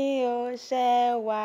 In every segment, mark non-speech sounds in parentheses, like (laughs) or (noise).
mi ò ṣẹ́ wa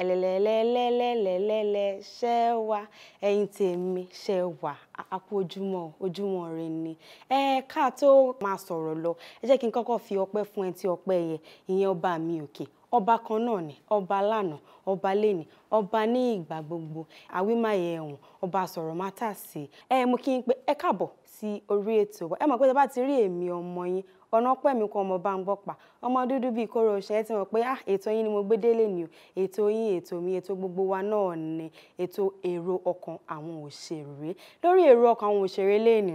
ẹ̀lẹ̀lẹ̀lẹ̀lẹ̀lẹ̀lẹ̀ ṣẹ́ wa ẹ̀yin tèmi ṣẹ́ wa a kú ojúmọ́ ojúmọ́ rẹ ni ẹ ká tó máa sọ̀rọ̀ lọ ẹ jẹ́ kí n kọ́kọ́ fi ọpẹ́ fún ẹni tí ọpẹ́ yẹ ìyẹn ọba mi òkè ọba kan náà ni ọba lánàá ọba lẹ́ni ọba ní ìgbà gbogbo àwímáyé ẹ̀wọ̀n ọba sọ̀rọ̀ mátà sí ẹ mo kí n pé ẹ káàbọ̀ sí orí ètò ẹ mọ̀ pé tí a bá ti rí èmi ọmọ yín ọ̀nà pẹ̀mí kan ọmọ bá ń gbọ́ pa ọmọ dúdú bíi kóró oṣù ẹ ti mọ̀ pé ah ètò yín ni mo gbé délé ni o ètò yín ètò mi ètò gbogbo wa náà ni ètò èrò ọkàn àwọn òṣèré lórí èrò ọkàn àwọn òṣèré lẹ́yìn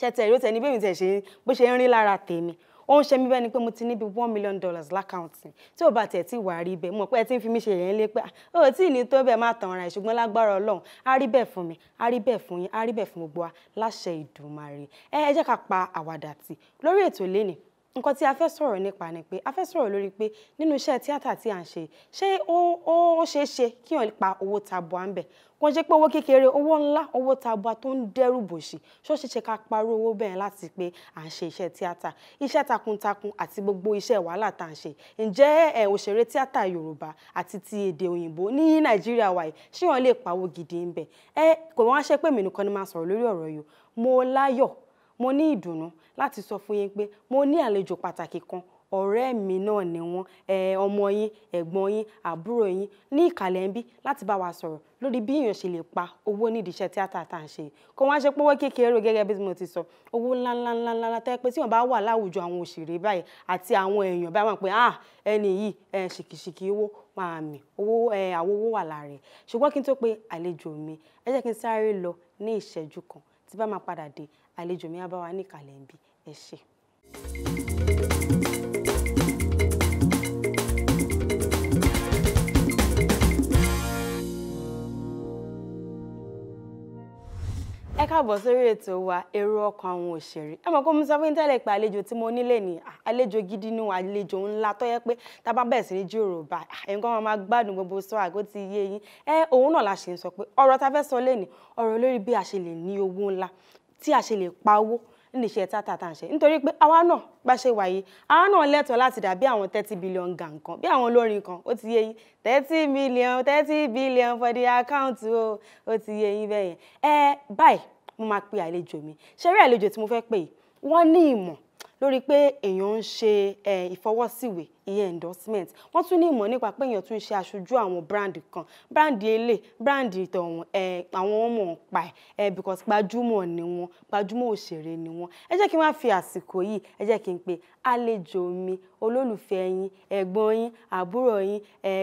ṣẹtẹ̀ èrò tẹ̀ ní bẹ́ẹ̀ mi tẹ̀ ṣe bó ṣe ń rí lára tèmi ó ń ṣe mí bẹ́ẹ̀ ni pé mo ti níbi one million dollars lákàǹtì tí ò bá tiẹ̀ tí wàá rí bẹ́ẹ̀ mọ̀ pé ẹ ti ń fi mí ṣe yẹn lé pé ó tí ì ní tó bẹ́ẹ̀ má tàn ara ẹ̀ ṣùgbọ́n lágbára ọlọ́run á rí bẹ́ẹ̀ fún mi á rí bẹ́ẹ̀ fún yín á rí bẹ́ẹ̀ fún gbogbo wa láṣẹ Ìdùmarè ẹ ẹ jẹ́ ká pa àwàdà tì lórí ètò lénìí nǹkan tí a fẹ́ sọ̀rọ̀ nípa ni pé a fẹ́ sọ̀rọ̀ lórí pé nínú iṣẹ́ tíátà tí à ń ṣe ṣé ó ó ṣeé ṣe kí èèyàn pa owó tabua ń bẹ̀ kò jẹ́ pé owó kékeré owó ńlá owó tabua tó ń dẹ́rù bòṣì ṣó ṣeé ṣe ká parọ́ owó bẹ́ẹ̀ láti pé à ń ṣe iṣẹ́ tíátà iṣẹ́ takuntakun àti gbogbo iṣẹ́ wàhálà tá à ń ṣe ǹjẹ́ ẹ òṣèré tíátà Yorùbá àti ti èdè òyìnbó ní Nàìjíríà wa ṣé wọn lè pawó gidi ń bẹ̀ ẹ kò wọ́n á ṣe pé mi nìkan ni máa sọ̀rọ̀ lórí ọ̀rọ̀ yìí mo láyọ̀ mo ní ìdùnnú láti sọ fún yín pé mo ní àlejò pàtàkì kan ọ̀rẹ́ mi náà ni wọ́n ọmọ yín ẹ̀gbọ́n yín àbúrò yín ní ìkàlẹ̀ ń bí láti bá wa sọ̀rọ̀ lórí bí èèyàn ṣe lè pa owó nídìí iṣẹ́ tíátà tá à ń ṣe kó wá ṣe pé owó kékeré gẹ́gẹ́ bí mo ti sọ owó ńláńláńláńlá tẹ́ pé tí wọ́n bá wà láwùjọ àwọn òṣèré báyìí àti àwọn èèyàn bá wọn pé ah ẹni yìí ṣìkìṣìkì owó máa mì owó àwọn owó wà lára ẹ̀ ṣùgbọ́n kí n tó pe àlejò mi ẹ jẹ́ kí n sáré lọ ní ìṣẹ́jú kan tí bá máa padà dé àlejò mi á bá wa níkàlẹ̀ ń bí ẹ ṣé. ẹ káàbọ̀ sórí ètò wa èrò ọkàn àwọn òṣèré ẹ mọ̀ kó mo sọ fún tẹ́lẹ̀ pé àlejò tí mo nílé ni àlejò gidi ni àlejò ńlá tó yẹ pé tá a bá bẹ̀rẹ̀ sí ní jíròrò bá ẹ̀yin kan máa gbádùn gbogbo sọ àgó ti yé yín ẹ òun náà la ṣe ń sọ pé ọ̀rọ̀ tá fẹ́ sọ lé ọ̀rọ̀ lórí bí a ṣe lè ní owó ńlá tí a ṣe lè pa owó nílé iṣẹ́ tata tá à ṣe nítorí pé àwa náà bá ṣe wáyé àwa náà lẹ́tọ̀ọ́ láti dà bí àwọn thirty billion gang kan bí àwọn olórin kan ó ti yé yín thirty million thirty billion for the account o ó ti yé yín bẹ́ẹ̀ yẹn ẹ báyìí mo máa pe àlejò mi ṣẹ́rí àlejò tí mo fẹ́ pè yìí wọ́n ní ìmọ̀ lórí pé èèyàn ń ṣe ìfọwọ́síwèé ìyẹn endorsement wọ́n tún ní ìmọ̀ nípa pé èèyàn tún ṣe aṣojú àwọn brand kan brand ele brand ìtọ̀hún àwọn ọmọ ọ̀pá ẹ̀ because gbajúmọ̀ ni wọ́n gbajúmọ̀ òṣèré ni wọ́n ẹ jẹ́ kí n wá fi àsìkò yìí ẹ jẹ́ kí n pe àlejò mi olólùfẹ́ yín ẹ̀gbọ́n yín àbúrò yín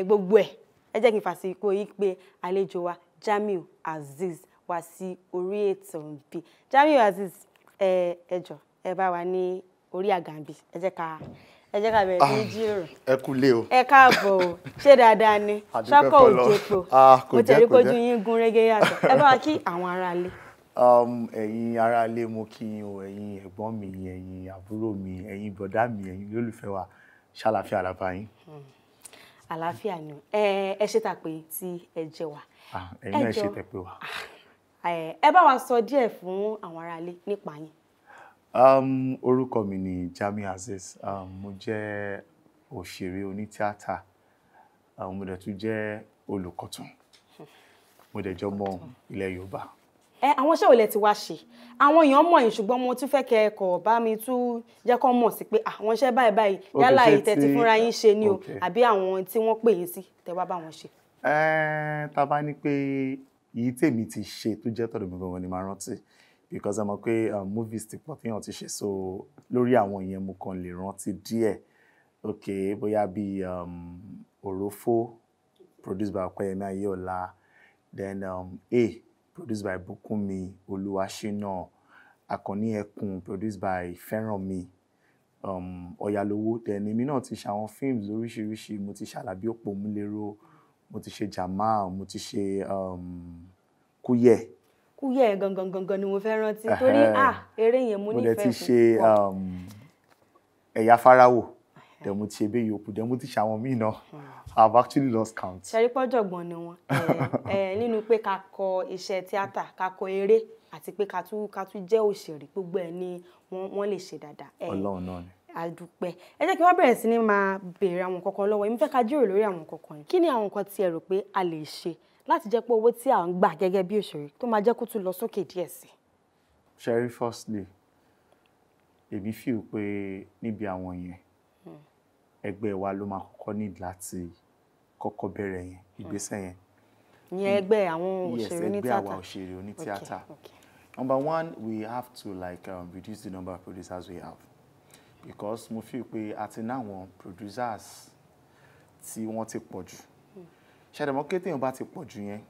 gbogbo ẹ̀ ẹ jẹ́ kí n fàsìkò yìí pé àlejò wa Jamiu Azeez wá sí orí ètò ń bí Jamiu Azeez ẹ jọ̀ọ́ ẹ bá wa ní orí àgàǹbì ẹ jẹ́ ká ẹ jẹ́ ká bẹ̀rẹ̀ ní ah, jíròrò. ẹ kú lé o. ẹ káàbọ̀ o ṣé dáadáa ni ṣọkọ òjèpo ah, mo tẹ̀lé kojú yín gún régé yàtọ̀ ẹ bá wa kí àwọn aráalé. Um, ẹ̀yin aráalé mo kí yín o ẹ̀yin ẹ̀gbọ́n mi ẹ̀yin àbúrò mi ẹ̀yin bọ̀dá mi ẹ̀yin lólùfẹ́ wa ṣàlàfíà àlàbà yín. Hmm. àlàáfíà ni ẹ ẹ ṣe tàpé tí ẹ jẹ wá. Ah, ẹ̀yin náà wa. ẹ bá wa sọ díẹ̀ fún àwọn aráalé nípa yín Um, orúkọ mi ni Jami Azeez um, mo jẹ́ òṣèré onítíátà um, mo dẹ̀ tún jẹ́ olùkọ̀tàn mo dẹ̀ jọmọ ilẹ̀ Yorùbá. ẹ àwọn iṣẹ́ òlẹ̀ tí wàá ṣe àwọn èèyàn mọ̀ yín ṣùgbọ́n mo tún fẹ́ kẹ́ ẹ kọ̀ bá mi tún jẹ́ kọ́ mọ̀ sí pé àwọn iṣẹ́ báyìí báyìí yálà ìtẹ̀tí fúnra yín ṣe ni o àbí àwọn tí wọ́n pè yín sí tẹ́ wá bá wọn ṣe. ẹ tá bá ní pé èyí tèmi ti ṣe tó jẹ́ tọ̀dọ̀ mi gangan ni màá rántí because àmọ́ pé um, movies ti pọ̀ téèyàn ti ṣe so lórí àwọn ìyẹn mo kàn lè rántí díẹ̀ ok bóyá bíi òrófó um, produced by ọpẹ́yẹmí ayéọlá then um, a produced by bùkúnmi olúwaṣínà àkànní ẹkùn produced by fẹ́rànmi um, ọ̀yàlówó then èmi náà ti ṣe àwọn films lóríṣiríṣi mo ti ṣe àlàbí òpómúléró mo ti ṣe jamal mo ti ṣe um, kúyẹ̀ kúyẹ gangan gangan ni mo fẹ́ rántí torí à eré yẹn mo nífẹ̀ẹ́ fún ṣe um, ẹ̀yà farawo dẹ̀ ti ṣe yòókù dẹ̀ ti ṣe míì náà hmm. i have actually lost count. ṣẹ́rípọ́jọ̀gbọ́n ni wọ́n (laughs) nínú pé ká kọ iṣẹ́ tíátà ká kọ eré àti pé ká tún ká tún jẹ́ òṣèré gbogbo ẹ̀ ni wọ́n lè ṣe dáadáa. ọlọ́run náà ni. àdúpẹ́ ẹ jẹ́ kí wọ́n bẹ̀rẹ̀ sí ní máa béèrè àwọn kọ̀ọ̀kan lọ́wọ́ èmi fẹ́ ká jíròrò lórí àwọn kọ̀ọ̀kan yìí kí ni àwọn nǹkan tí ẹ rò pé a lè ṣe láti jẹ́ pé owó tí à ń gbà gẹ́gẹ́ bí òṣèré tó máa jẹ́ kó tún lọ sókè díẹ̀ sí. sherry firstly èmi fi hù pé níbi àwọn yẹn hmm. ẹgbẹ́ wa ló máa kọ́kọ́ ní láti kọ́kọ́ bẹ̀rẹ̀ yẹn hmm. ìgbésẹ̀ yẹn. ìyẹn ẹgbẹ́ àwọn òṣèré ní number one we have to like um, reduce the number of producers we have because mo fi hù pé àti náwọn producers tí wọ́n ti pọ̀ Mm ṣàdẹ̀mọ́ kété yẹn bá ti pọ̀ jù yẹn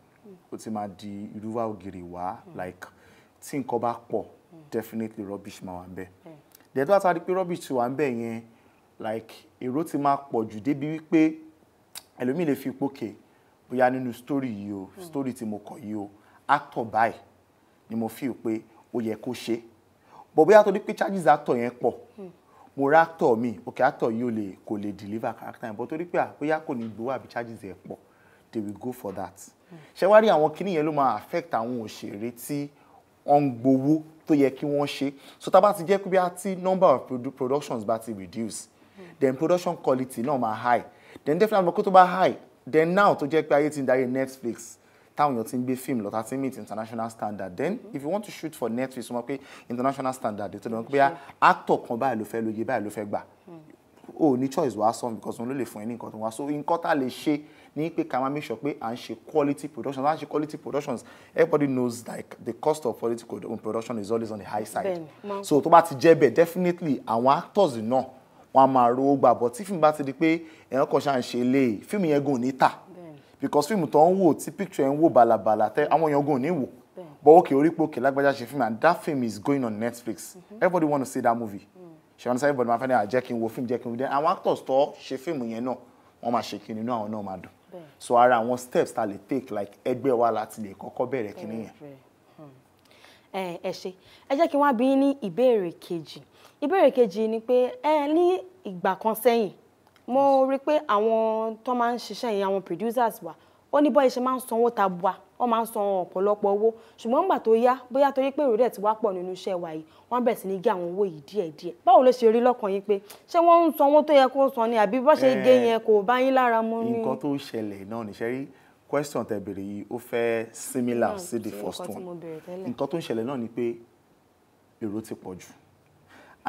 ó ti máa di irúwà ògiri wá like tí nǹkan bá pọ̀ definitely rubbish máa wà ń bẹ̀ dẹ̀ tó àtàrí pé rubbish ti wà ń bẹ̀ yẹn like èrò ti máa pọ̀ jù débi wípé ẹlòmíì lè fi pókè bóyá nínú story yìí o hmm. story tí mo kọ yìí o actor báyìí ni mo feel pé ó yẹ kó ṣe bọ̀ bóyá tó di pé charges actor yẹn pọ̀ hmm. mo rá actor mi okay actor yìí ò lè kò lè deliver character yẹn bọ̀ torí pé àbóyá kò ní gbowó àbí charges yẹn pọ̀ they will go for that ṣé wá rí àwọn kinní yẹn ló máa affect àwọn òṣèré tí wọ́n ń gbowó tó yẹ kí wọ́n ṣe so tá bá ti jẹ́ pé bí a ti number of productions bá ti reduce mm. then production quality náà máa high then definitely àwọn kó tó bá high then now tó jẹ́ pé ayé ti ń darí Netflix táwọn èèyàn ti ń gbé fíìmù lọ́tà tí meet international standard then mm. if you want to shoot for Netflix wọ́n mọ̀ pé international standard ètò ìdánwò pé actor kan báyìí ló fẹ́ lóye báyìí ló fẹ́ gbà o ò ní choice wàá sọ because òun ló lè fún ẹ ní nǹkan tó wá so nǹkan tá a lè ṣe ní pé ká máa make sure pé à ń ṣe quality productions à ń ṣe quality productions everybody knows like the cost of quality um, production is always on the high side ben, so tó bá ti jẹ́ bẹ́ẹ̀ definitely àwọn actors náà wọn a máa rówó gbà bọ́ tí fíìmù bá ti di pé ẹ̀rọ kan ṣáà ń ṣe eléyìí fíìmù yẹn gùn ní tà because fíìmù tó ń wò tí picture ẹ̀ ń wò bàlàbàlà tẹ àwọn èèyàn gùn ní wò but òkè orí pé òkè lágbájá ṣe fíìmù and that film is going on Netflix mm -hmm. everybody wanna see that movie. Mm -hmm ṣe wọn sáré bọ̀dọ̀ máa fẹ́ ní àjẹ́ kí n wo fíìmù jẹ́ kí n wo then àwọn actors tó ṣe fíìmù yẹn náà wọ́n máa ṣe kí nínú àwọn náà máa dùn so ara àwọn steps ta lè take like ẹgbẹ́ wa láti lè kọ́kọ́ bẹ̀rẹ̀ kí nìyẹn. Hmm. ẹ ṣe ẹ jẹ́ kí wọ́n bí ní ìbéèrè kejì ìbéèrè kejì ni pé ẹ ní ìgbà kan sẹ́yìn mo rí i pé àwọn tó máa ń ṣiṣẹ́ yẹn àwọn producers wa ó ní bọ́ iṣẹ́ máa ń sanwó ta bua wọ́n máa ń san ọ̀pọ̀lọpọ̀ owó ṣùgbọ́n nígbà tó yá bóyá torí pé ìròdẹ̀ ti wá pọ̀ nínú iṣẹ́ wa yìí wọ́n bẹ̀rẹ̀ sí ní gé àwọn owó yìí díẹ̀díẹ̀ báwo ló ṣe rí lọ́kàn yín pé ṣé wọ́n ń san owó tó yẹ kó san ni àbí bó ṣe gé eh, yẹn kò bá yín lára mu ni. nǹkan tó ṣẹlẹ̀ náà níṣẹ́ rí question tẹ́ béèrè yìí ó fẹ́ similar hmm, sí the first one nǹkan tó ń ṣẹlẹ̀ náà ni pé èrò ti pọ̀ jù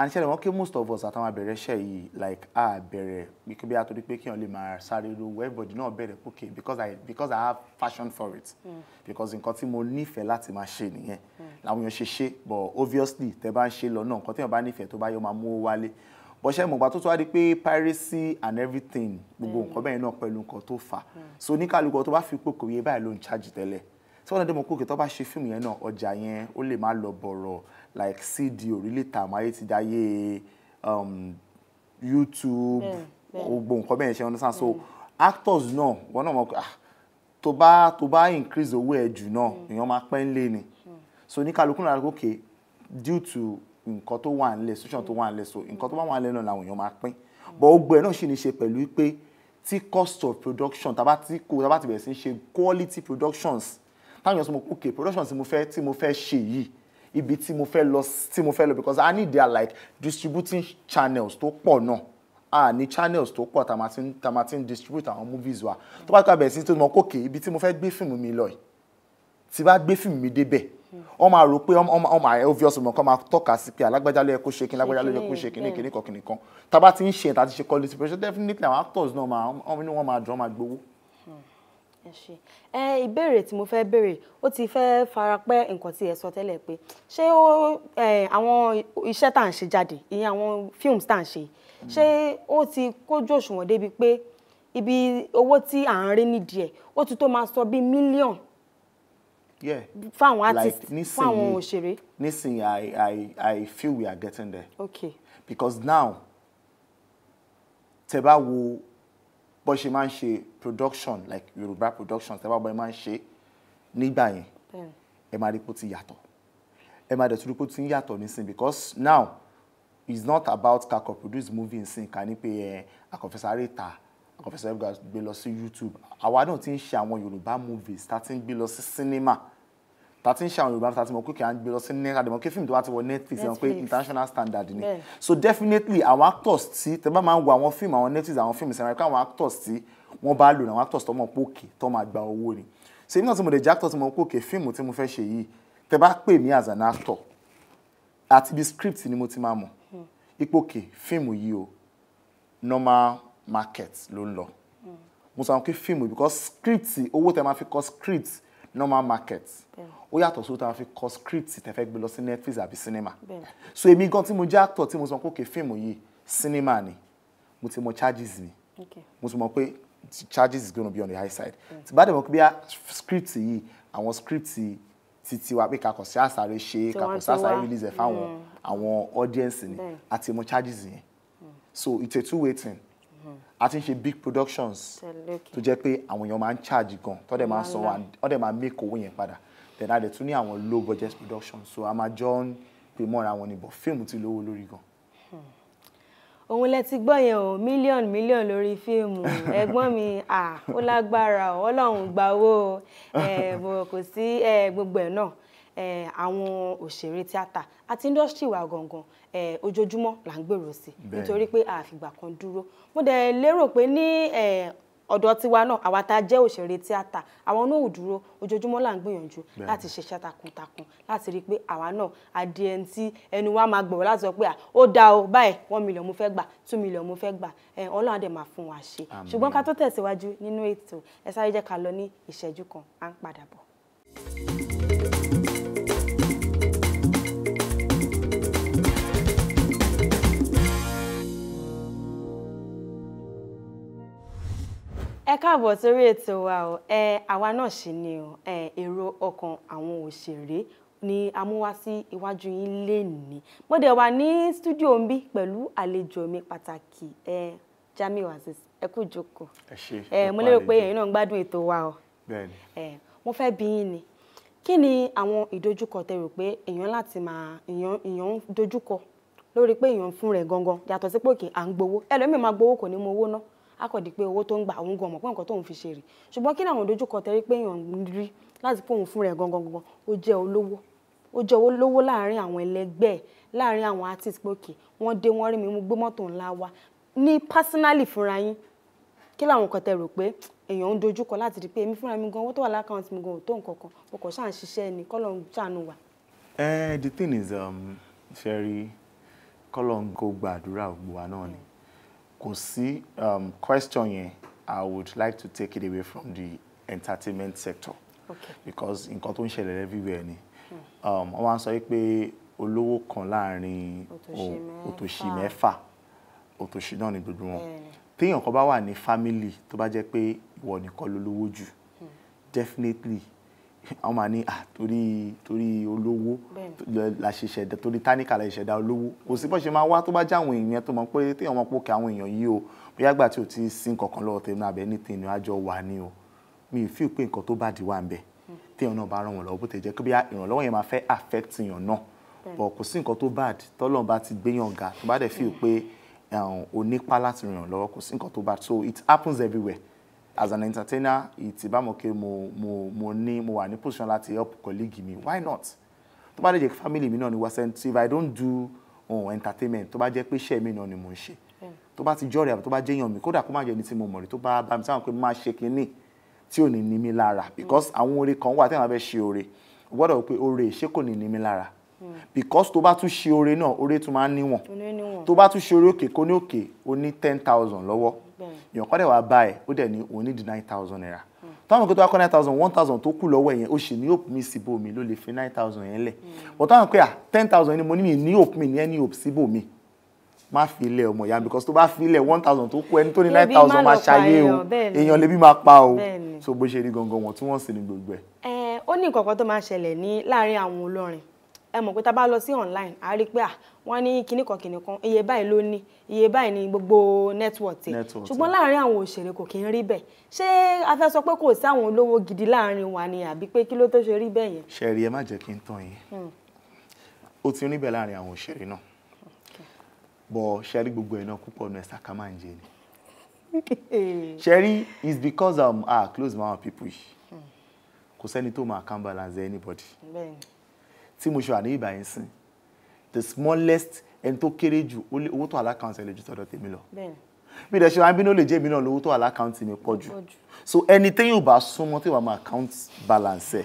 and ṣẹlẹ̀ wọ́n kí most of us àtàwọn abẹ̀rẹ̀ iṣẹ́ yìí like a bẹ̀rẹ̀ pé bí a torí pé kí n lè máa sáré ro everybody náà bẹ̀rẹ̀ okay because i because i have passion for it mm. because nǹkan tí mo nífẹ̀ẹ́ láti máa ṣe nìyẹn hmm. làwọn èèyàn ṣe ṣe but obviously tẹ bá ń ṣe lọ náà nǹkan tí èèyàn bá nífẹ̀ẹ́ tó bá yọ máa mú ó wálé bó ṣe mọ̀gbà tó tó wá di pé piracy and everything gbogbo hmm. nǹkan bẹ́ẹ̀ náà pẹ̀lú nǹkan tó fà hmm. so oníkàlùkọ tó bá fi pòkò yẹ báyìí ló ń ṣáàjì tẹ́lẹ̀ tí wọ́n náà dé mọ̀ pòkè tó bá ṣe fíìmù yẹn náà ọjà yẹn ó lè má lọ bọ̀rọ̀ like CD really, tààmù ayé ti dáyé um, YouTube gbogbo nǹkan bẹ́ẹ̀ ṣe understand so mm. actors náà wọn náà mọ̀ pé ah tó bá tó bá increase owó ẹ̀ jù náà mm. èèyàn máa pẹ́ ń lé ni mm. so ní kálukú náà ok due to nǹkan tó wà nílẹ̀ situation tó wà nílẹ̀ so nǹkan tó bá wà nílẹ̀ náà làwọn èèyàn máa pín but gbogbo ẹ̀ náà sì ní ṣe pẹ̀lú pé tí cost of production tàbá tí kò tàbá ti bẹ̀rẹ̀ sí ṣe quality productions táwọn èèyàn sọ mo ok productions tí mo fẹ́ tí mo fẹ́ ṣe yìí ibi tí mo fẹ́ lọ tí mo fẹ́ lọ because i need their like distributing channels tó pọ̀ náà ah, ni channels tó pọ̀ tá máa distribute àwọn movies wa tó bá tó abẹ̀rẹ̀ sí tó mọ kókè ibi tí mo fẹ́ gbé fíìmù mi lọ yìí tí bá gbé fíìmù mi débẹ̀ wọ́n máa rò pé wọ́n máa obvious mọ̀ kọ́ máa tọ́ka sí pé alágbájá ló yẹ kó ṣe kí alágbájá ló yẹ kó ṣe kí ní kíní kan kíní kan tá bá ti ń ṣe tá ti ṣe quality pressure definitely àwọn actors náà máa wọ́n máa dùn wọ́n máa gbowó ẹ ṣe ẹ ìbéèrè tí mo fẹ́ béèrè ó ti fẹ́ farapẹ́ nǹkan tí ẹ sọ tẹ́lẹ̀ pé ṣé ó àwọn iṣẹ́ tá à ń ṣe jáde ìyẹn àwọn films tá à ń ṣe ṣé ó ti kójú òṣùwọ̀n débi pé ibi owó tí à ń rí nídìí ẹ̀ ó ti tó máa sọ bíi mílíọ̀n fáwọn artist fáwọn òṣèré. nísìnyí i i i feel we are getting there. okay. because now tẹ́ bá wo bó ṣe máa ń ṣe production like yorùbá production ṣe bá bọ́ ẹ máa ń ṣe nígbà yẹn ẹ máa rí pé ó ti yàtọ̀ ẹ máa dẹ̀tú rí pé ó ti ń yàtọ̀ nísìn because now it's not about kakọ produce movie nsìn ká ní pé ẹ akọ̀fẹ́sáré ta akọ̀fẹ́sáré gbé lọ sí YouTube àwa náà ti ń ṣe àwọn yorùbá movies tá gbé lọ sí cinema. Mm ta ti ń ṣe àwọn yorùbá ta ti mọ̀ pé à ń gbé lọ sí náírà dẹ̀mọ́ kí fíìmù tó bá ti wọ netflix ẹ̀ pé international standard ni so definitely àwọn actors tí tẹ bá máa ń wo àwọn fíìmù àwọn netflix àwọn fíìmù sẹ́wọ̀n pé àwọn actors tí wọ́n bá lò ní àwọn actors tó mọ̀ pé tó máa gba owó ni so èmi náà tí mo lè jẹ́ actor tí mo pé òkè fíìmù tí mo fẹ́ ṣe yìí tẹ bá pè mí as an actor àti bí script ni mo ti máa mọ̀ hmm. ipòkè fíìmù yìí o normal market ló ń lọ hmm. mo sọ àwọn pé fíìmù because script owó tẹ máa fi kọ script normal market ó yàtọ̀ sóò tá a fi kọ script tẹ fẹ́ gbé lọ sí netflix àbí cinema so èmi gan tí mo jẹ́ actor tí mo sọ pé òkè fíìmù yìí cinema ni mo ti mọ charges mi mo ti mọ pé charges is gonna be on the high side tí bá dẹ̀ mọ̀ pé bí script yìí àwọn script yìí títí wa pé kakọ̀ sí àsáré ṣe kakọ̀ sí àsáré release ẹ̀ fáwọn mm. àwọn audience ni àti mọ charges yẹn mm. so it's a two way thing a ti ń ṣe big productions to jẹ́ pé àwọn èèyàn máa ń charge gan tó dẹ̀ máa ń sanwó wọ́n dẹ̀ make owó yẹn padà then a dẹ̀ tún ní àwọn low budget productions so a máa jọ ń pè mọ́ra wọn ni but fíìmù ti lówó lórí gan. òun hmm. lẹ ti gbọ́ yẹn o mílíọ̀nù mílíọ̀nù lórí fíìmù ẹ̀gbọ́n mi ó lágbára ọlọ́run gbà owó kò sí gbogbo ẹ̀ náà Eh, àwọn òṣèré tíátà àti indọ́sítì wa gangan eh, ojoojúmọ́ là ń gbèrò sí nítorí pé àfìgbà kan dúró mo dẹ̀ lérò pé ní eh, ọ̀dọ̀ tiwa náà àwa tá a jẹ́ òṣèré tíátà àwọn náà ò dúró ojoojúmọ́ là ń gbìyànjú láti ṣiṣẹ́ takuntakun láti rí i pé àwa náà adìẹ ẹni tí ẹnu wa máa gbọ̀wọ́ láti sọ pé ó da o báyìí one million mo fẹ́ gbà two million mo fẹ́ gbà ẹ ọlọ́run àdè máa fún wa ṣe ṣùgbọ́n ká tó tẹ̀síwájú nínú ètò ẹ sáré jẹ́ ká lọ ní ìṣẹ́jú kan à ń padà bọ̀ ẹ káàbọ̀ sórí ètò wa o ẹ àwa náà sì ni o ẹ èrò ọkàn àwọn òṣèré ni a mú wá sí iwájú yín lénìí mo dẹ̀ wà ní stúdíò ń bí pẹ̀lú àlejò mi pàtàkì ẹ Jamiu Azeez ẹ kú ìjókòó ẹ mo lérò pé ẹ̀yin náà ń gbádùn ètò wa o ẹ mo fẹ́ bi yín ni kí ni àwọn ìdojúkọ tẹ rò pé èèyàn láti máa èèyàn èèyàn ń dojúkọ lórí pé èèyàn ń fún rẹ̀ gangan yàtọ̀ sí pé òkè à ń gbowó ẹlòmíì máa gbowó kò ní mọ owó ná á di pé owó tó ń gbà òun gan mọ̀ pé nǹkan tóun fi ṣe rè ṣùgbọ́n kí ni àwọn ìdojúkọ tẹ rí pé èèyàn ń rí láti pé òun fún rẹ̀ gangan gangan ó jẹ́ olówó ó jẹ́ olówó láàárín àwọn ẹlẹgbẹ́ láàárín àwọn artist pé òkè wọ́n dé wọ́n rí mi mú gbé mọ́tò ńlá wa ní personally fúnra yín kí làwọn kan tẹ pé èèyàn ń dojúkọ láti rí pé èmi fúnra mi gan owó tó wà lákàntì mi gan tó nǹkan kan mo kàn ṣáà ń ṣiṣẹ́ ni kọ́lọ̀ ṣàánú wa. the thing is um, ṣe rí kọ́lọ̀ ń kó gbàdúrà gbogbo wa náà ni mm. kò sí um, question yẹn I would like to take it away from the entertainment sector okay. because nǹkan tó ń ṣẹlẹ̀ everywhere ni mm. um, wọ́n wá ń sọ pé olówó kan láàrin òtòṣì mẹ́fà òtòṣì náà ni gbogbo wọn téèyàn kan bá wà ní family tó bá jẹ́ pé wọ nìkan ló lówó jù definitely àwọn máa ní torí torí olówó la ṣe ṣẹ̀dá torí táníkà la ṣe ṣẹ̀dá olówó kò sí bó ṣe máa wá tó bá jẹ́ àwọn èèyàn tó mọ̀ pé téèyàn mọ̀ pé òkè àwọn èèyàn yìí o bóyá gbà tí o ti sin kankan lọ́wọ́ tèmi àbẹ́ ní tèmi àjọ wà ní o mi ì fi pé nǹkan tó bá di wà ń bẹ̀ téèyàn náà bá ràn wọ́n lọ́wọ́ bó ti jẹ́ pé ìrànlọ́wọ́ yẹn máa fẹ́ affect èèyàn náà bọ̀ kò sí nǹkan tó bad tọ́lọ́n bá ti gbéyàn ga tó bá dẹ̀ fi mm. pé onípá um, láti ràn lọ́wọ́ kò sí nǹkan tó bad so it happens everywhere as an entertainer ìtìbámọ̀kẹ́ mo mo mo ní mo wà ní position láti help colleague mi why not tó bá lè jẹ́ family mi náà ni wa sẹ́ni if i don't do um, entertainment tó bá jẹ́ pé iṣẹ́ mi náà ni mò ń ṣe tó ti jọ́rẹ̀ àbí tó bá jẹ́ mi koda kó má jẹ́ ẹni tí mo mọ̀ rí tó bá bá mi sáwọn pé máa ṣe kinní tí ò ni ní mi lára because mm. àwọn oore kan wà téèyàn fẹ́ ṣe oore o gbọ́dọ̀ wò pé oore ṣé kò ní mi lára mm. because tó bá tún ṣe oore náà oore tún máa ń níwọ̀n tó bá tún ṣe oore òkè kó ní òkè ó ní ten thousand lọ́wọ́ Hmm. èèyàn kọ́ dẹ̀ wá bá ẹ̀ ó dẹ̀ ní òun ní di nine thousand naira táwọn pé tó wá kọ́ nine thousand one thousand tó kù lọ́wọ́ yẹn ó ṣì ní òpin mi síbò mi ló lè fi nine thousand yẹn lẹ̀ hmm. but táwọn pé à ah, ten thousand ni mo ní mi ní òpin mi ní ẹni òpin síbò mi má fi ilẹ̀ ọmọ ìyá because tó bá fi ilẹ̀ one thousand tó kú ẹni tó ní nine thousand máa ṣayé o èèyàn lè bí máa pa o so bó ṣe rí gangan wọn tí wọ́n sì ní gbogbo ẹ̀. ẹ ó ní nǹkan kan tó máa ṣẹlẹ̀ ní láàárín àwọn olórin ẹ mọ̀ pé tá a bá lọ sí online a rí i pé wọ́n ní kinní kan kinní kan iye báyìí ló ní iye báyìí ní gbogbo network tẹ̀ ṣùgbọ́n láàárín àwọn òṣèré kò kí ń rí bẹ́ẹ̀ ṣé a fẹ́ sọ pé kò sí àwọn olówó gidi láàárín wa ni àbí pé kí ló tó ṣe rí bẹ́ẹ̀ yẹn. ṣẹ̀rí ẹ má jẹ́ kí n tàn yín hmm. ó ti rí bẹ́ẹ̀ àwọn òṣèré náà bọ̀ ṣẹ́rí gbogbo ẹ̀ náà púpọ̀ ọ̀nà ẹ̀sà ká máa ń jẹ ni (laughs) ṣẹ́rí is because um, ah, close my people yìí hmm. kò sẹ́ni tó máa kàn balance anybody tí mo ṣe wà ní ìbà yẹn sìn the smallest ẹni tó kéré jù owó tó alákàntì lè ju tọ̀dọ̀ tèmi lọ bí ìdẹ̀ ṣe wá bínú lè jẹ́ èmi náà lówó tó alákàntì mi pọ̀ jù so ẹni téyìn ò bá súnmọ́ tí wàá máa account balance ẹ̀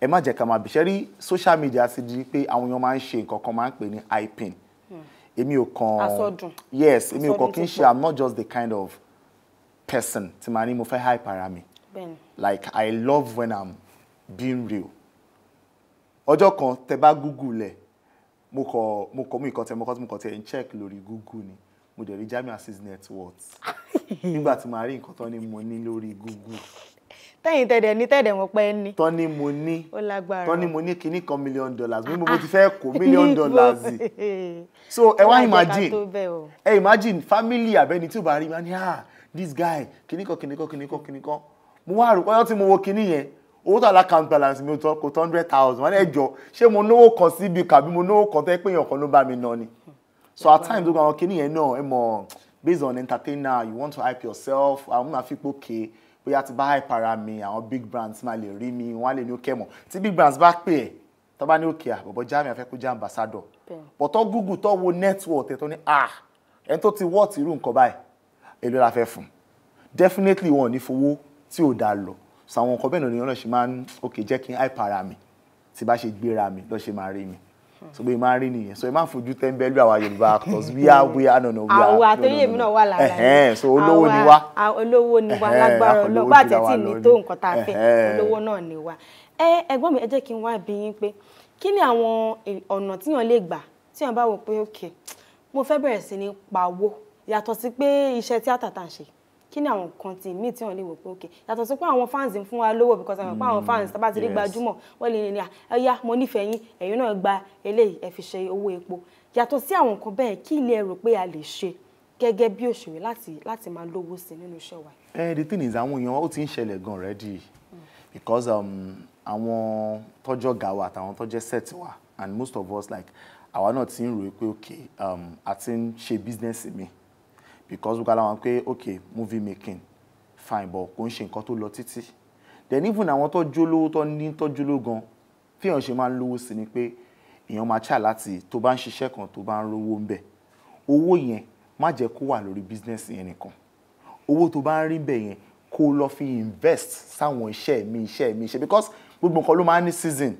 ẹ má jẹ́ ká máa bìṣẹ́ rí social media ti di pé àwọn èèyàn máa ń ṣe nǹkan kan máa ń pè ní ipin hmm. èmi ò kàn yes èmi ò kàn kí n ṣe i'm not just the kind of person tí màá ní mo fẹ́ hype ara mi like i love when i'm being real ọjọ́ kan tẹ bá google lẹ̀ mo kọ mo kọ mo ìkọtẹ mo kọ tí mo kọ tẹ ń check lórí google ni mo dẹ̀ rí Jamiu Azeez net worth (laughs) nígbà tí màá rí nǹkan tán ni mo ní lórí google tẹ́yìn tẹ́dẹ̀ ní tẹ́dẹ̀ mo pẹ́ ní. tọ́ni mo ní tọ́ni mo ní kinní kan million dollars mi mo ah. ti fẹ́ kó million (laughs) dollars yìí (laughs) so ẹ wá imagine ẹ imagine family abẹ́ni tí o bá rí ma ní ah this guy kinní kan kinní kan kinní kan kinní kan mo wá rò pé ọtí mo wo kinní yẹn owó tó account balance mi kò tó hundred thousand wọn ẹ jọ ṣé mo náwó kan síbi kàbí mo náwó kan tó ẹ pé èèyàn kan ló bá mi ná ni so at times gbogbo àwọn kinní yẹn náà ẹ mọ based on entertainer you want to hype yourself àwọn máa fi pókè bóyá ti bá hype ara mi àwọn big brands máa lè rí mi wọn á lè ní ó kẹ́ tí big brands bá pè ẹ́ tó bá ní òkè àbọ̀bọ̀ ah, Jamiu afẹ́ kó jẹ́ ambassador but tó google tó wo network ẹ̀ tó ní ah ẹni tó ti wọ́ọ̀tì irú nǹkan báyìí èlò la fẹ́ fún definitely wọn ò ní fowó tí ò dáa lọ so àwọn nǹkan bẹ́ẹ̀ náà ni wọ́n náà ṣe máa ń ok jẹ́ kí n hype ara mi tí bá ṣe gbéra mi lọ́ ṣe máa rí mi so bí máa rí nìyẹn so ẹ máa fojú tẹ́ńbẹ́lú àwa yorùbá actors we are we are no no we are. àwọn àtẹ̀yẹ mi náà wà lára ẹ̀ so olówó ni wá. olówó ni wá lágbára ọlọ́gbà àtẹ̀tì ní tó nǹkan tá a fẹ́ olówó náà ni wá. ẹ ẹ̀gbọ́n mi ẹ jẹ́ kí n wá bí yín pé kí ni àwọn ọ̀nà tíyàn lè gbà tíyàn bá wò pé ok mo fẹ́ bẹ̀rẹ̀ sí ní pawó yàtọ̀ sí pé iṣẹ́ tíátà tá à ṣe kí ni àwọn nǹkan tí míì tí wọ́n lè wò pé okay yàtọ̀ sí pé àwọn fans ń fún wa lówó because àwọn pé àwọn hmm, fans tá bá ti rí gbajúmọ̀ wọ́n lè ní ẹ̀yà mo nífẹ̀ẹ́ yín ẹ̀yin náà gba eléyìí ẹ ṣe owó epo yàtọ̀ sí àwọn nǹkan bẹ́ẹ̀ kí ilé rò pé a lè ṣe gẹ́gẹ́ bí òṣèré láti láti máa lówó sí nínú iṣẹ́ wa. ẹ the thing is àwọn èèyàn ó ti ń ṣẹlẹ̀ gan already hmm. because um, àwọn tọ́jọ́ gàwà àtàwọn tọ́jẹ́ set wa and most of us like àwa náà ti ń rò pé okay um, a ti ń ṣe business mi. Mm because gbogbo àwọn pé ok movie making fine but kò ń ṣe nǹkan tó lọ títí then even àwọn tó jólówó tó ní tó jólówó gan fíyàn ṣe máa ń lówó sí ni pé èèyàn máa ṣà láti tó bá ń ṣiṣẹ́ kan tó bá ń rówó ń bẹ̀ owó yẹn má jẹ́ kó wà lórí business yẹn nìkan owó tó bá ń rí bẹ̀ yẹn kó lọ fi invest sáwọn iṣẹ́ mi iṣẹ́ mi iṣẹ́ because gbogbo nǹkan ló máa ń ní season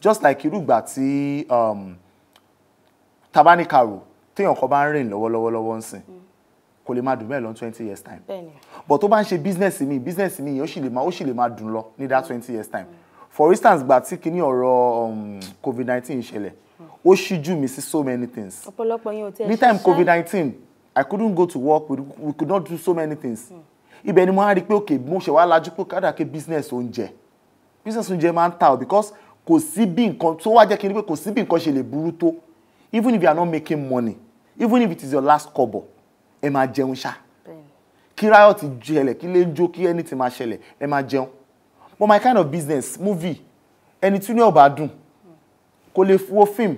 just like irúgbà tí um, tabanikaro téèyàn kan bá ń rìn lọ́wọ́lọ́wọ́ lọ́wọ́ ń sìn. Mm kò lè máa dùn bẹ́ẹ̀ lọ twenty years time but tó bá ń ṣe business mi business mi yẹn ó sì lè máa ó sì lè máa dùn lọ ní that twenty years time for instance gbà tí kinní ọ̀rọ̀ um, covid nineteen ṣẹlẹ̀ ó ṣíjú mi sí so many things ọ̀pọ̀lọpọ̀ ní time covid nineteen i couldn't go to work we, we could not do so many things ibẹ̀ ni mo á rí i pé okay mo ṣe wá lajú pé kádàké business oúnjẹ business oúnjẹ máa ń ta o because kò sí bí nǹkan tó wá jẹ́ kí n rí pé kò sí bí nǹkan ṣe lè burú tó even if you are not making money even if it is your last kobo ẹ máa jẹun ṣá kí riot jẹlẹ̀ kí lè jó kí anything máa ṣẹlẹ̀ ẹ máa jẹun but my kind of business movie ẹni tí ní ọba dùn kò lè wo fíìmù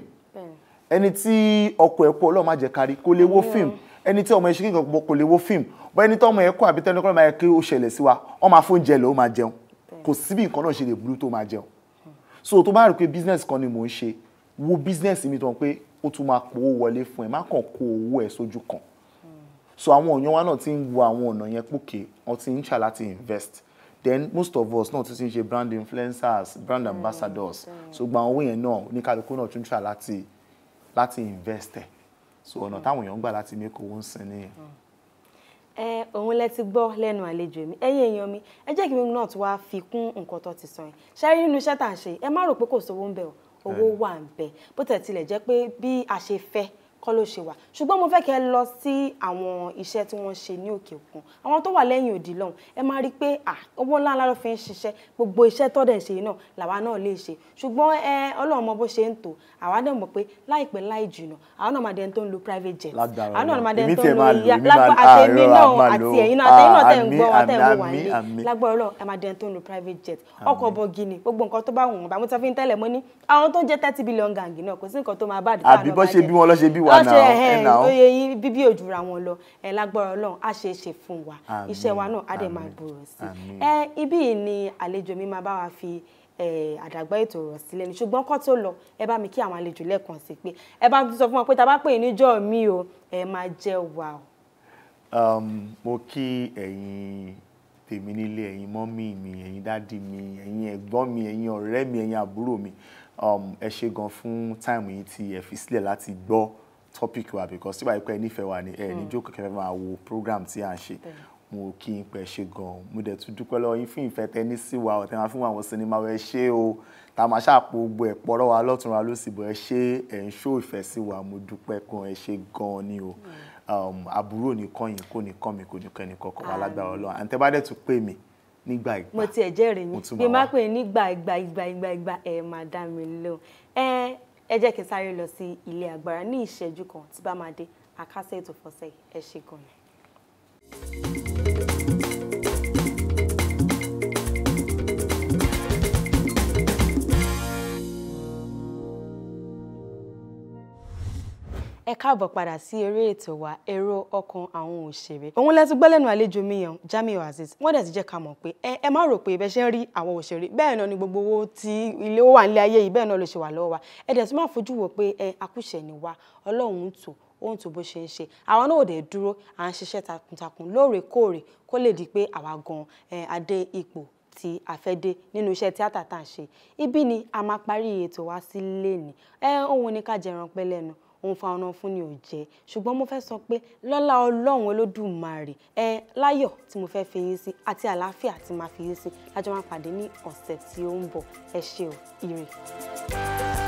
ẹni tí ọkọ ẹ̀ kú ọlọ́ọ̀ má jẹ́ kárí kò lè wo fíìmù ẹni tí ọmọ ẹ̀ ṣe kékeré pọ̀ kò lè wo fíìmù bọ́ ẹni tí ọmọ ẹ̀ àbí tẹ́lẹ̀ kọ́ máa yẹ kí ó ṣẹlẹ̀ sí wa ó máa fún jẹ lọ ó máa jẹun kò síbi nǹkan náà ṣe lè burú tó máa jẹun so tó bá rí pé business kan ni mò ń ṣe wo business mi tán pé ó tún máa pòwó wọlé fún ẹ má kàn kó owó ẹ sójú kan so àwọn èèyàn wa náà ti ń wo àwọn ọ̀nà yẹn pòkè wọ́n ti ń ṣà láti invest then most of us náà tún ti ń ṣe brand influencers brand mm, ambassadors so gba owó yẹn náà oníkálukú náà tún ṣà láti láti invest ẹ̀ so ọ̀nà mm. táwọn èèyàn gbà láti make owó ń sin nìyẹn mm. ẹ òun lẹ ti gbọ́ lẹ́nu àlejò mi ẹ̀yin èèyàn mi ẹ jẹ́ kí mi náà tún wáá fi kún nǹkan tó ti sọ yẹn ṣáájú nínú iṣẹ́ tá à ń ṣe ẹ má rò pé kò sówó ń bẹ o owó wà ń bẹ bó tẹ̀ tilẹ̀ jẹ́ pé bí a ṣe fẹ́ kọ́ ló ṣe wà ṣùgbọ́n mo fẹ́ kẹ́ lọ sí àwọn iṣẹ́ tí wọ́n ṣe ní òkè òkun àwọn tó wà lẹ́yìn òdì lọ́hùn ẹ máa rí i pé owó ńlá ńlá ló fi ń ṣiṣẹ́ gbogbo iṣẹ́ tọ́dẹ̀ ṣe náà làwa náà lè ṣe ṣùgbọ́n ẹ ọlọ́run mọ bó ṣe ń tò àwa náà mọ̀ pé láìpẹ́ láì jìnà àwọn náà máa dẹni tó ń lo private jet àwọn náà máa dẹni tó ń lo ìyá àtẹ̀mí náà àti ẹ̀yin náà àtẹ̀yin náà tẹ̀ ń gbọ́ àtẹ̀ ń wò wá nílé lágbára ọlọ́run ẹ máa ń lo private jet ọkọ̀ bọ̀gì ni gbogbo nǹkan tó bá wù wọ́n bá mo ti fi ń tẹ́lẹ̀ mo ní àwọn tó ń jẹ thirty billion gang náà wá ṣe eh, ẹ̀hẹ́n eh, oyè yín bíbí òjúra wọn lọ ẹ lágbára ọlọ́run á ṣe é ṣe fún wa iṣẹ́ wa náà á dẹ̀ máa gbòòrò sí ẹ ibí yìí ni àlejò mi máa bá wa fi àdàgbà ètò ọ̀rọ̀ sílẹ̀ ni ṣùgbọ́n kọ́ tó lọ ẹ bá mi kí àwọn àlejò lẹ́ẹ̀kan sí pé ẹ bá sọ fún wọn pé tá pè é níjọ́ mi o ẹ máa jẹ́ wa o. Um, mo kí ẹ̀yin tèmi nílé ẹ̀yin mọ́mí mi ẹ̀yin dádì mi ẹ̀yin ẹ̀gbọ́n mi ẹ̀yin ọ̀rẹ́ mi ẹ̀yin àbúrò mi um, ẹ ṣé gan fún táìmù yìí tí ẹ fi sílẹ̀ láti gbọ́ topic wa because tí wàá pẹ́ nífẹ̀ẹ́ wa ni ẹ ní mm. jókòó kẹfẹ́ máa wo program tí à ń ṣe mo kí n pẹ́ gan mo dẹ̀ tún dúpẹ́ lọ́wọ́ yín fún ìfẹ́ tẹ́ni sí wa ọ̀tẹ́ máa fún àwọn sinimá ẹ ṣe o tá a máa ṣàpò gbogbo ẹ̀ pọ̀rọ̀ wa lọ́tún wa ló sì bọ̀ ẹ ṣe ẹ̀ ń ṣó ìfẹ́ sí wa mo dúpẹ́ gan ẹ ṣe gan-an ni o mm. um, àbúrò nìkan yìí kò ní kàn mí kò ní kàn ní kọ̀ọ̀kan wa lágbára Ọlọ́run àǹtẹ́ bá dẹ̀ tún pè mí nígbà ìgbà mo tiẹ̀ jẹ́rìí yín bí má pè nígbà ìgbà ìgbà ìgbà ìgbà ẹ̀ máa dá mi lóhùn ẹ jẹ́ kí n sáré lọ sí ilé agbára ní ìṣẹ́jú kan tí bá máa dé àkásẹ́ ètò fọ́sẹ̀ ẹ ṣe gan-an. káàbọ̀ padà sí eré ètò wa èrò ọkàn àwọn òṣèré òun lẹ́tún gbọ́ lẹ́nu àlejò mi yàn Jamiu Azeez wọ́n dẹ̀ ti jẹ́ ká mọ̀ pé ẹ ẹ má rò pé bẹ́ẹ̀ ṣe ń rí àwọn òṣèré bẹ́ẹ̀ náà ni gbogbo owó tí ilé ó wà nílé ayé yìí bẹ́ẹ̀ náà ló ṣe wà lọ́wọ́ wa ẹ dẹ̀ tún máa fojú wò pé ẹ akúṣẹ̀ ni wa ọlọ́run tó ohun tó bó ṣe ń ṣe àwa náà ò dẹ̀ dúró à ń ṣiṣẹ́ takuntakun lóòrèkóòrè kó lè di pé àwa gan adé ipò tí a fẹ́ dé nínú iṣẹ́ tíátà tá à ń ṣe ibi ni a máa parí ètò wa sí lẹ́ni ẹ òun ni ká jẹran pẹ́ lẹ́nu òun fa ọ̀nà fún ni ò jẹ́ ṣùgbọ́n mo fẹ́ sọ pé lọ́lá ọlọ́run olódùmarè ẹ láyọ̀ tí mo fẹ́ fi yín sí àti àlàáfíà tí máa fi yín sí lájọ́ máa pàdé ní ọ̀sẹ̀ tí ó ń bọ̀ ẹ ṣé o